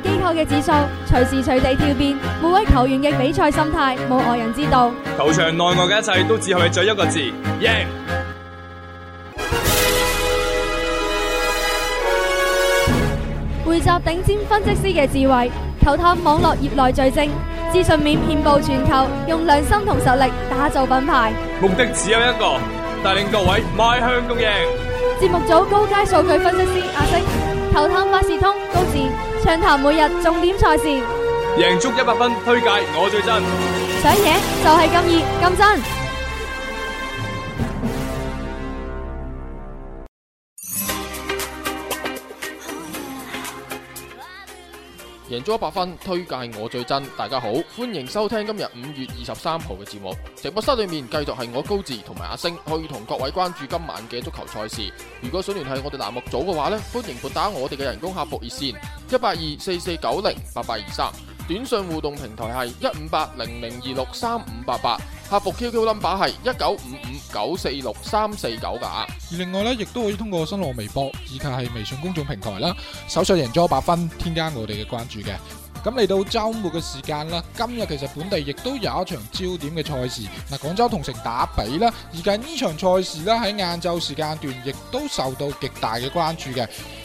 機構嘅指數隨時隨地跳變，每位球員嘅比賽心態冇外人知道。球場內外嘅一切都只係為咗一個字：贏。匯集頂尖分析師嘅智慧，球探網絡業內最精，資訊面遍佈全球，用良心同實力打造品牌。目的只有一個，帶領各位邁向共贏。節目組高階數據分析師阿星，球探萬事通高智。暢談每日重點賽事，贏足一百分，推介我最真，想贏就係咁熱咁真。贏足一百分，推介我最真。大家好，歡迎收聽今日五月二十三號嘅節目。直播室裏面繼續係我高志同埋阿星，可以同各位關注今晚嘅足球賽事。如果想聯繫我哋欄目組嘅話呢，歡迎撥打我哋嘅人工客服熱綫一八二四四九零八八二三，短信互動平台係一五八零零二六三五八八。客服 QQ number 係一九五五九四六三四九噶，Q Q 號號啊、而另外咧亦都可以通過新浪微博以及係微信公眾平台啦，搜索贏足 100FUN，添加我哋嘅關注嘅。咁嚟到周末嘅時間啦，今日其實本地亦都有一場焦點嘅賽事，嗱廣州同城打比啦，而家呢場賽事咧喺晏晝時間段亦都受到極大嘅關注嘅。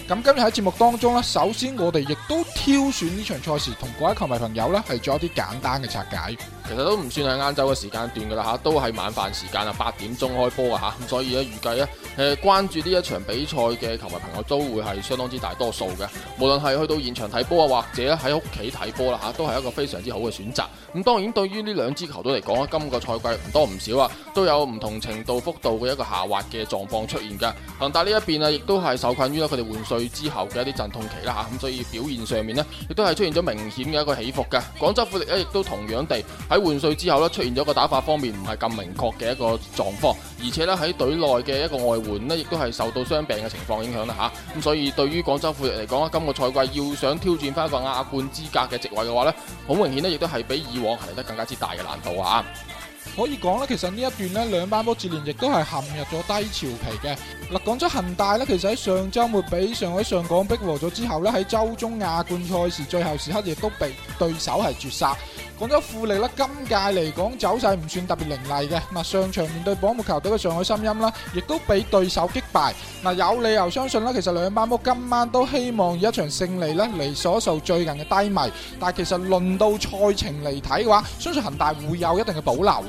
咁今日喺節目當中呢，首先我哋亦都挑選呢場賽事，同各位球迷朋友呢係做一啲簡單嘅拆解。其實都唔算係晏晝嘅時間段噶啦吓，都係晚飯時間啊，八點鐘開波啊吓。咁所以呢，預計呢，誒、呃、關注呢一場比賽嘅球迷朋友都會係相當之大多數嘅。無論係去到現場睇波啊，或者喺屋企睇波啦吓，都係一個非常之好嘅選擇。咁當然，對於呢兩支球隊嚟講，今個賽季唔多唔少啊，都有唔同程度幅度嘅一個下滑嘅狀況出現噶。恆大呢一邊啊，亦都係受困於佢哋換帥。退之後嘅一啲陣痛期啦吓，咁所以表現上面呢，亦都係出現咗明顯嘅一個起伏嘅。廣州富力呢，亦都同樣地喺換帥之後呢，出現咗個打法方面唔係咁明確嘅一個狀況，而且呢，喺隊內嘅一個外援呢，亦都係受到傷病嘅情況影響啦吓。咁所以對於廣州富力嚟講，今個賽季要想挑戰翻一個亞冠資格嘅席位嘅話呢，好明顯呢，亦都係比以往係嚟得更加之大嘅難度啊。可以講咧，其實呢一段咧，兩班波接連亦都係陷入咗低潮期嘅。嗱，廣州恒大咧，其實喺上周末俾上海上港逼和咗之後咧，喺周中亞冠賽事最後時刻亦都被對手係絕殺。廣州富力咧，今屆嚟講走勢唔算特別凌厲嘅。嗱，上場面對保級球隊嘅上海申鑫啦，亦都俾對手擊敗。嗱，有理由相信啦，其實兩班波今晚都希望以一場勝利啦嚟掃數最近嘅低迷。但係其實論到賽程嚟睇嘅話，相信恒大會有一定嘅保留。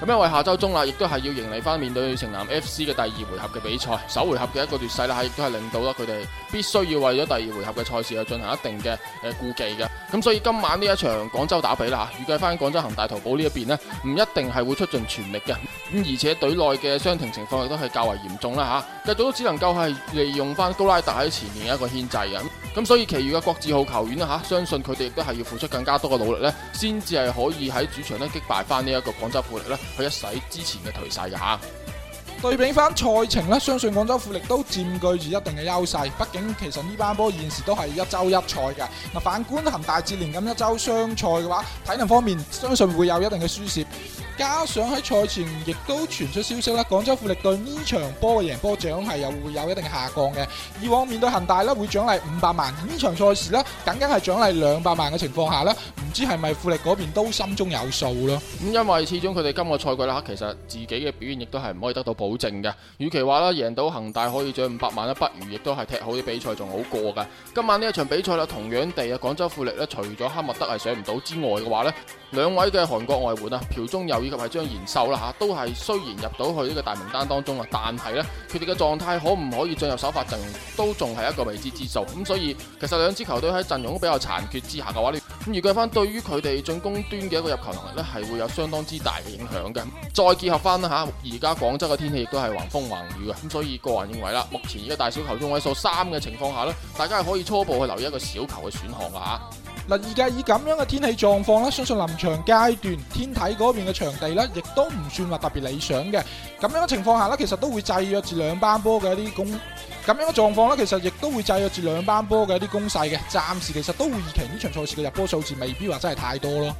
咁因為下周中啦，亦都係要迎嚟翻面對城南 FC 嘅第二回合嘅比賽，首回合嘅一個劣勢啦，亦都係令到啦佢哋必須要為咗第二回合嘅賽事去進行一定嘅誒顧忌嘅。咁所以今晚呢一場廣州打比啦吓，預計翻廣州恒大淘寶呢一邊呢，唔一定係會出盡全力嘅，而且隊內嘅傷停情況亦都係較為嚴重啦吓，咁早都只能夠係利用翻高拉特喺前面嘅一個牽制嘅。咁所以其餘嘅國字號球員啦吓，相信佢哋亦都係要付出更加多嘅努力咧，先至係可以喺主場呢擊敗翻呢一個廣州富力咧。去一洗之前嘅頹勢吓，對比翻賽程咧，相信廣州富力都佔據住一定嘅優勢。畢竟其實呢班波現時都係一周一賽嘅。嗱，反觀恆大接連咁一周雙賽嘅話，體能方面相信會有一定嘅輸蝕。加上喺賽前亦都傳出消息啦，廣州富力對呢場波嘅贏波獎係又會有一定的下降嘅。以往面對恒大咧，會獎勵五百萬，呢場賽事咧，僅僅係獎勵兩百萬嘅情況下咧，唔知係咪富力嗰邊都心中有數咯？咁因為始終佢哋今個賽季啦，其實自己嘅表現亦都係唔可以得到保證嘅。與其話啦贏到恒大可以獎五百萬啦，不如亦都係踢好啲比賽仲好過㗎。今晚呢一場比賽啦，同樣地啊，廣州富力咧除咗哈密德係上唔到之外嘅話咧，兩位嘅韓國外援啊，朴忠佑。以及係張賢秀啦吓，都係雖然入到去呢個大名單當中啊，但係咧，佢哋嘅狀態可唔可以進入首發陣容，都仲係一個未知之數。咁所以，其實兩支球隊喺陣容都比較殘缺之下嘅話呢，咁預計翻對於佢哋進攻端嘅一個入球能力咧，係會有相當之大嘅影響嘅。再結合翻啦吓，而家廣州嘅天氣亦都係橫風橫雨嘅，咁所以個人認為啦，目前而家大小球中位數三嘅情況下呢，大家係可以初步去留意一個小球嘅選項噶吓。嗱，而家以咁樣嘅天氣狀況咧，相信臨場階段天體嗰邊嘅場地咧，亦都唔算話特別理想嘅。咁樣嘅情況下咧，其實都會制約住兩班波嘅一啲攻。咁樣嘅狀況咧，其實亦都會制約住兩班波嘅一啲攻勢嘅。暫時其實都會預期呢場賽事嘅入波數字未必話真係太多咯。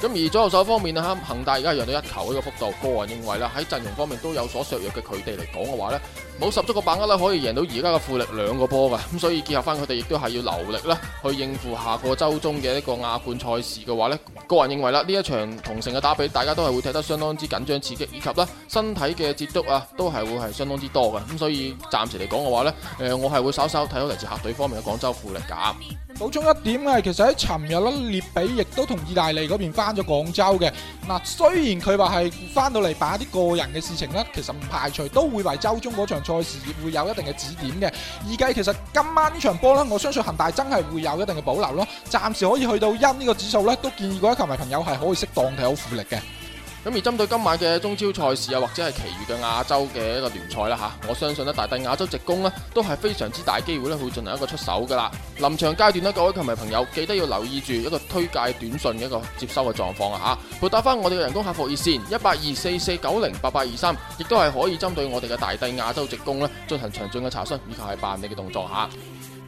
咁而左右手方面啊，恒大而家係讓到一球呢個幅度，個人認為啦，喺陣容方面都有所削弱嘅佢哋嚟講嘅話咧。冇十足個把握啦，可以贏到而家嘅富力兩個波㗎，咁所以結合翻佢哋，亦都係要留力啦，去應付下個週中嘅一個亞冠賽事嘅話咧，個人認為啦，呢一場同城嘅打比，大家都係會踢得相當之緊張刺激，以及啦身體嘅接觸啊，都係會係相當之多嘅，咁所以暫時嚟講嘅話咧，誒我係會稍稍睇到嚟自客隊方面嘅廣州富力減。補充一點嘅，其實喺尋日咧，列比亦都同意大利嗰邊翻咗廣州嘅，嗱雖然佢話係翻到嚟把啲個人嘅事情咧，其實唔排除都會為週中嗰場。賽事亦會有一定嘅指點嘅，預計其實今晚呢場波咧，我相信恒大真係會有一定嘅保留咯，暫時可以去到一呢個指數咧，都建議各位球迷朋友係可以適當睇好富力嘅。咁而針對今晚嘅中超賽事啊，或者係其餘嘅亞洲嘅一個聯賽啦嚇，我相信咧大帝亞洲直供呢都係非常之大機會咧，會進行一個出手噶啦。臨場階段呢各位球迷朋友記得要留意住一個推介短信嘅一個接收嘅狀況啊嚇。撥打翻我哋嘅人工客服熱線一八二四四九零八八二三，亦都係可以針對我哋嘅大帝亞洲直供咧進行詳盡嘅查詢以及係辦理嘅動作嚇。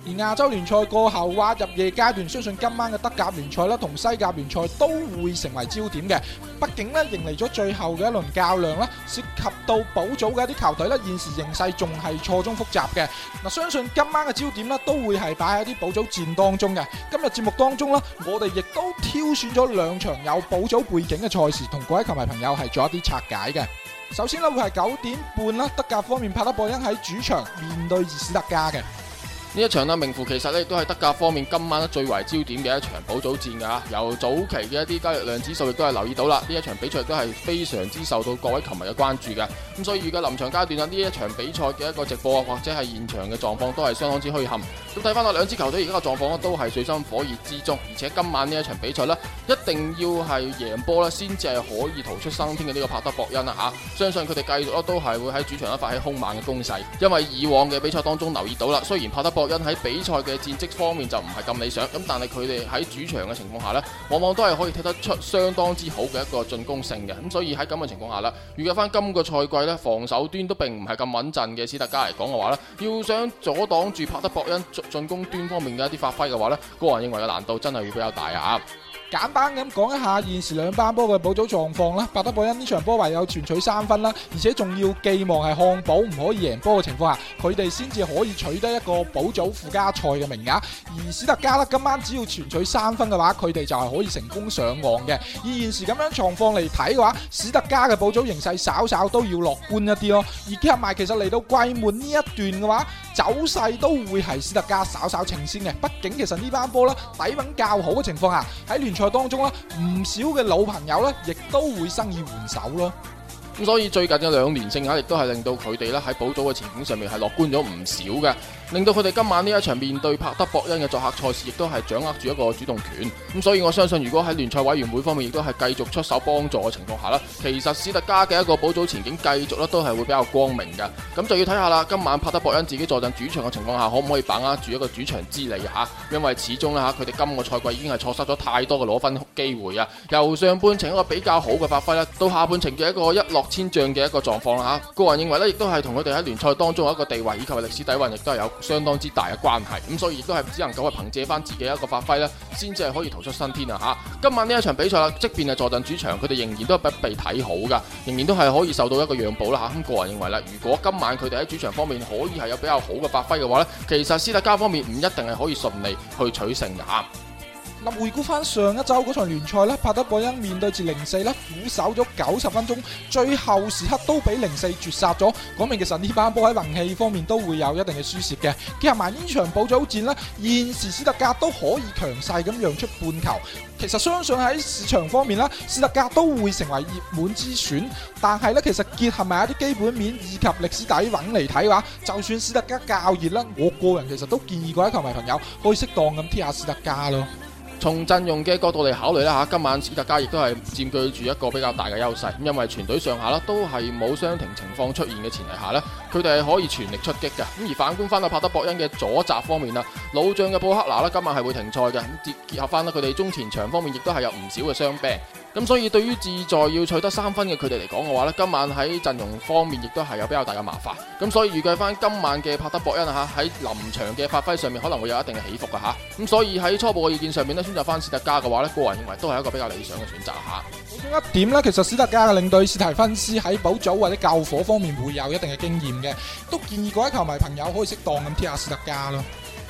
而亞洲聯賽過後，話入夜階段，相信今晚嘅德甲聯賽咧，同西甲聯賽都會成為焦點嘅。畢竟咧，迎嚟咗最後嘅一輪較量啦，涉及到保組嘅一啲球隊咧，現時形勢仲係錯綜複雜嘅。嗱，相信今晚嘅焦點咧，都會係擺喺啲保組戰當中嘅。今日節目當中咧，我哋亦都挑選咗兩場有保組背景嘅賽事，同各位球迷朋友係做一啲拆解嘅。首先咧，會係九點半啦，德甲方面，帕德博恩喺主場面對熱斯特加嘅。呢一場啦，名副其實咧，亦都係德甲方面今晚最為焦點嘅一場保組戰㗎，啊。由早期嘅一啲交易量指數，亦都係留意到啦。呢一場比賽都係非常之受到各位球迷嘅關注嘅。咁所以而家臨場階段啊，呢一場比賽嘅一個直播或者係現場嘅狀況都係相當之墟冚。咁睇翻個兩支球隊而家嘅狀況咧，都係水深火熱之中。而且今晚呢一場比賽呢，一定要係贏波咧，先至係可以逃出生天嘅呢個帕德博恩啊！嚇，相信佢哋繼續都係會喺主場發起兇猛嘅攻勢，因為以往嘅比賽當中留意到啦，雖然帕德博博恩喺比賽嘅戰績方面就唔係咁理想，咁但係佢哋喺主場嘅情況下咧，往往都係可以踢得出相當之好嘅一個進攻性嘅，咁所以喺咁嘅情況下啦，預計翻今個賽季咧，防守端都並唔係咁穩陣嘅斯特加嚟講嘅話咧，要想阻擋住帕德博恩進攻端方面嘅一啲發揮嘅話咧，個人認為嘅難度真係會比較大吓。簡單咁講一下現時兩班波嘅保組狀況啦。伯德布恩呢場波唯有全取三分啦，而且仲要寄望係漢堡唔可以贏波嘅情況下，佢哋先至可以取得一個保組附加賽嘅名額。而史特加呢今晚只要全取三分嘅話，佢哋就係可以成功上岸嘅。以現時咁樣狀況嚟睇嘅話，史特加嘅保組形勢稍稍都要樂觀一啲咯。而兼埋其實嚟到季末呢一段嘅話，走勢都會係史特加稍稍稱先嘅。畢竟其實呢班波啦底蘊較好嘅情況下，喺聯賽，當中啦，唔少嘅老朋友咧，亦都會生意援手咯。咁所以最近嘅兩年成績，亦都係令到佢哋咧喺補組嘅前景上面係樂觀咗唔少嘅。令到佢哋今晚呢一場面對帕德博恩嘅作客賽事，亦都係掌握住一個主動權。咁所以我相信，如果喺聯賽委員會方面亦都係繼續出手幫助嘅情況下，其實史特加嘅一個補組前景繼續咧都係會比較光明嘅。咁就要睇下啦，今晚帕德博恩自己坐鎮主場嘅情況下，可唔可以把握住一個主場之利啊？因為始終咧吓，佢哋今個賽季已經係錯失咗太多嘅攞分機會啊！由上半程一個比較好嘅發揮，到下半程嘅一個一落千丈嘅一個狀況啦吓。個人認為呢，亦都係同佢哋喺聯賽當中一個地位以及歷史底蘊亦都係有。相當之大嘅關係，咁所以亦都係只能夠係憑借翻自己一個發揮咧，先至係可以逃出生天啊！吓，今晚呢一場比賽啦，即便係坐鎮主場，佢哋仍然都係不被睇好噶，仍然都係可以受到一個讓步啦！吓，咁個人認為啦，如果今晚佢哋喺主場方面可以係有比較好嘅發揮嘅話咧，其實斯特加方面唔一定係可以順利去取勝噶。嗱，回顧翻上一周嗰場聯賽呢，帕德博恩面對住零四呢，苦守咗九十分鐘，最後時刻都俾零四絕殺咗。講明其實呢班波喺運氣方面都會有一定嘅輸蝕嘅。結合埋呢場補早戰呢，現時斯特格都可以強勢咁讓出半球。其實相信喺市場方面呢，斯特格都會成為熱門之選。但係呢，其實結合埋一啲基本面以及歷史底蘊嚟睇嘅話，就算斯特格較熱咧，我個人其實都建議各位球迷朋友可以適當咁踢下斯特格咯。從陣容的角度嚟考慮，今晚史特加亦都係佔據住一個比較大的優勢，因為全隊上下都係冇傷停情況出現的前提下。佢哋係可以全力出擊嘅，咁而反觀翻到帕德博恩嘅左閘方面啦，老將嘅布克拿咧今晚係會停賽嘅，結結合翻啦佢哋中前場方面亦都係有唔少嘅傷兵。咁所以對於志在要取得三分嘅佢哋嚟講嘅話咧，今晚喺陣容方面亦都係有比較大嘅麻煩，咁所以預計翻今晚嘅帕德博恩啊喺臨場嘅發揮上面可能會有一定嘅起伏嘅吓，咁所以喺初步嘅意見上面咧，選擇翻史特加嘅話咧，個人認為都係一個比較理想嘅選擇嚇。咁一點呢，其實史特加嘅領隊史提芬斯喺補組或者救火方面會有一定嘅經驗。都建議各位球迷朋友可以適當咁踢下斯特加咯。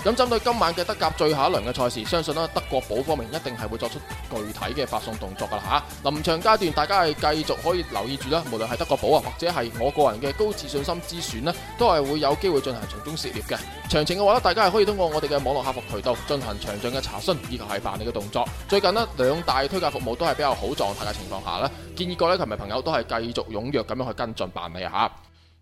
咁針對今晚嘅德甲最後一輪嘅賽事，相信咧德國保德國寶方面一定係會作出具體嘅發送動作噶啦嚇。臨場階段，大家係繼續可以留意住啦，無論係德國寶啊，或者係我個人嘅高自信心之選咧，都係會有機會進行從中涉獵嘅。詳情嘅話咧，大家係可以通過我哋嘅網絡客服渠道進行詳盡嘅查詢，以及係辦理嘅動作。最近咧兩大推介服務都係比較好狀態嘅情況下咧，建議各位球迷朋友都係繼續踴躍咁樣去跟進辦理嚇。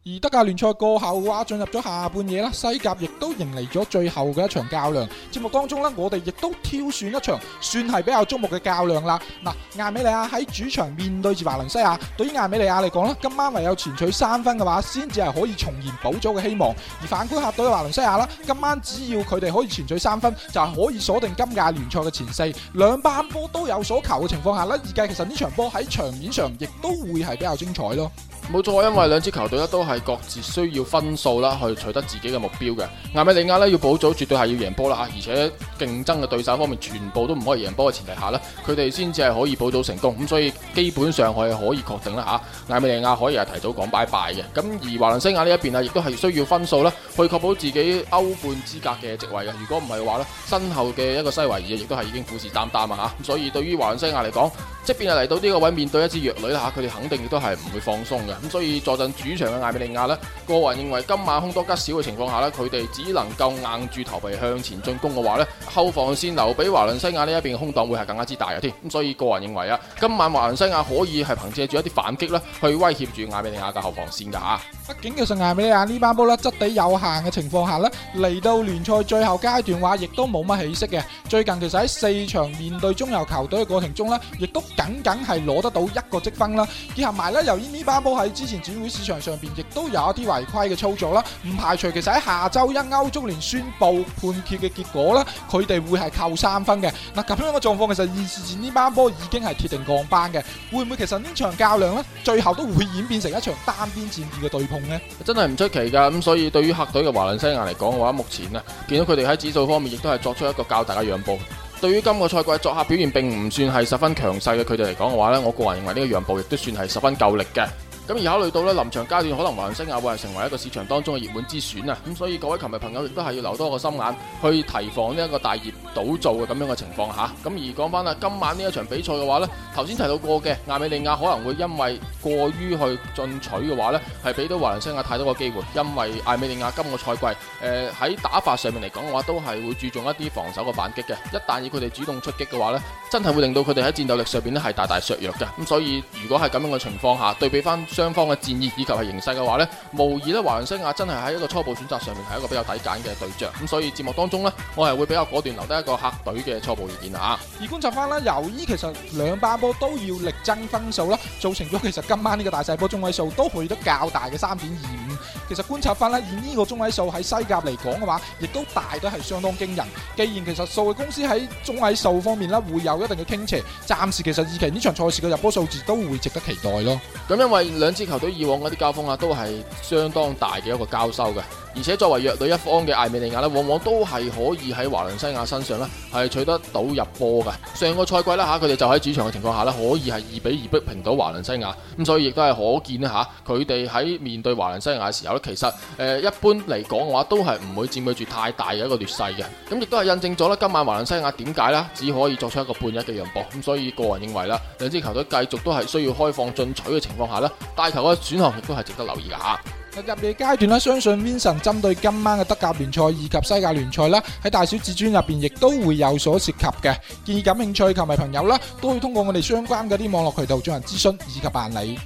而德甲聯賽過後嘅話，進入咗下半夜啦，西甲亦都迎嚟咗最後嘅一場較量。節目當中呢，我哋亦都挑選一場，算係比較矚目嘅較量啦。嗱，亞美利亞喺主場面對住華倫西亞，對於亞美利亞嚟講呢，今晚唯有全取三分嘅話，先至係可以重燃保咗嘅希望。而反觀客隊華倫西亞啦，今晚只要佢哋可以全取三分，就係可以鎖定今屆聯賽嘅前四。兩班波都有所求嘅情況下呢，而家其實呢場波喺場面上亦都會係比較精彩咯。冇錯，因為兩支球隊咧都係各自需要分數啦，去取得自己嘅目標嘅。艾美利亞咧要保組，絕對係要贏波啦啊！而且競爭嘅對手方面，全部都唔可以贏波嘅前提下咧，佢哋先至係可以保組成功。咁所以基本上我係可以確定啦嚇，艾美利亞可以係提早講拜拜嘅。咁而華倫西亞呢一邊啊，亦都係需要分數啦，去確保自己歐冠資格嘅席位嘅。如果唔係嘅話咧，身後嘅一個西維爾亦都係已經虎視眈眈啊嚇。所以對於華倫西亞嚟講，即便係嚟到呢個位面對一支弱旅啦嚇，佢哋肯定亦都係唔會放鬆嘅。咁所以坐陣主場嘅艾美利亞咧，個人認為今晚空多吉少嘅情況下咧，佢哋只能夠硬住頭皮向前進攻嘅話咧，後防線留俾華倫西亞呢一邊嘅空檔會係更加之大嘅添。咁所以個人認為啊，今晚華倫西亞可以係憑借住一啲反擊咧，去威脅住艾美利亞嘅後防線噶吓。畢竟其實艾美利亞呢班波咧，質地有限嘅情況下咧，嚟到聯賽最後階段話，亦都冇乜起色嘅。最近其實喺四場面對中游球隊嘅過程中咧，亦都僅僅係攞得到一個積分啦。結合埋咧，由於呢班波喺之前轉會市場上邊，亦都有一啲違規嘅操作啦。唔排除其實喺下周一歐足聯宣，宣布判決嘅結果啦，佢哋會係扣三分嘅。嗱，咁樣嘅狀況，其實現時呢班波已經係鐵定降班嘅。會唔會其實呢場較量呢？最後都會演變成一場單邊戰役嘅對碰呢？真係唔出奇噶。咁所以對於客隊嘅華倫西亞嚟講嘅話，目前呢見到佢哋喺指數方面亦都係作出一個較大嘅讓步。對於今個賽季作客表現並唔算係十分強勢嘅佢哋嚟講嘅話呢，我個人認為呢個讓步亦都算係十分夠力嘅。咁而考慮到呢臨場階段，可能華倫西亞會係成為一個市場當中嘅熱門之選啊！咁所以各位球迷朋友亦都係要留多個心眼，去提防呢一個大熱倒灶嘅咁樣嘅情況下。咁而講翻啦，今晚呢一場比賽嘅話呢，頭先提到過嘅艾美利亞可能會因為過於去進取嘅話呢，係俾到華倫西亞太多個機會。因為艾美利亞今個賽季喺、呃、打法上面嚟講嘅話，都係會注重一啲防守嘅反擊嘅。一旦以佢哋主動出擊嘅話呢，真係會令到佢哋喺戰鬥力上邊呢係大大削弱嘅。咁所以如果係咁樣嘅情況下，對比翻。雙方嘅戰意以及係形勢嘅話呢，無疑咧華倫西亞真係喺一個初步選擇上面係一個比較抵揀嘅對象，咁所以節目當中呢，我係會比較果斷留低一個客隊嘅初步意見啦嚇而觀察翻咧，由於其實兩班波都要力爭分數啦，造成咗其實今晚呢個大細波中位數都可以得較大嘅三點二五。其實觀察翻呢，以呢個中位數喺西甲嚟講嘅話，亦都大都係相當驚人。既然其實數據公司喺中位數方面呢，會有一定嘅傾斜，暫時其實二期呢場賽事嘅入波數字都會值得期待咯。咁因為兩支球隊以往嗰啲交鋒啊，都係相當大嘅一個交收嘅。而且作為弱隊一方嘅艾美利亞呢，往往都係可以喺華倫西亞身上呢，係取得到入波嘅。上個賽季啦吓，佢哋就喺主場嘅情況下呢，可以係二比二逼平到華倫西亞。咁所以亦都係可見吓，佢哋喺面對華倫西亞嘅時候其實誒、呃，一般嚟講嘅話，都係唔會佔據住太大嘅一個劣勢嘅。咁、嗯、亦都係印證咗啦，今晚華倫西亞點解啦，只可以作出一個半一嘅讓波。咁、嗯、所以個人認為啦，兩支球隊繼續都係需要開放進取嘅情況下呢，大球嘅選項亦都係值得留意噶吓。入夜階段咧，相信 Vincent 針對今晚嘅德甲聯賽以及西甲聯賽啦，喺大小至尊入邊亦都會有所涉及嘅。建議感興趣球迷朋友啦，都可以通過我哋相關嗰啲網絡渠道進行諮詢以及辦理。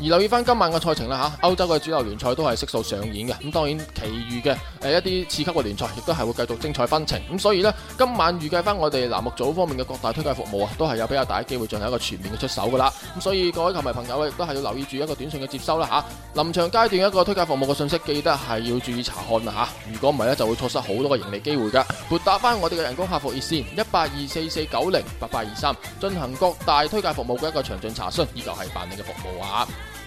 而留意翻今晚嘅賽程啦，歐洲嘅主流聯賽都係悉數上演嘅。咁當然，其餘嘅一啲次級嘅聯賽，亦都係會繼續精彩紛呈。咁所以呢，今晚預計翻我哋欄目組方面嘅各大推介服務啊，都係有比較大嘅機會進行一個全面嘅出手噶啦。咁所以各位球迷朋友亦都係要留意住一個短信嘅接收啦，嚇臨場階段一個推介服務嘅信息，記得係要注意查看啦，如果唔係咧就會錯失好多嘅盈利機會噶。撥打翻我哋嘅人工客服熱線一八二四四九零八八二三，23，進行各大推介服務嘅一個詳盡查詢，依舊係辦理嘅服務啊。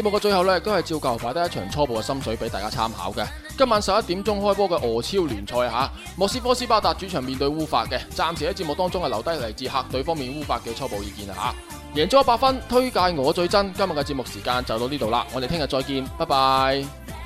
節目嘅最後呢，都係照舊擺低一場初步嘅心水俾大家參考嘅。今晚十一點鐘開波嘅俄超聯賽吓，莫斯科斯巴達主場面對烏法嘅，暫時喺節目當中係留低嚟自客隊方面烏法嘅初步意見啦吓。贏足一百分，推介我最真。今日嘅節目時間就到呢度啦，我哋聽日再見，拜拜。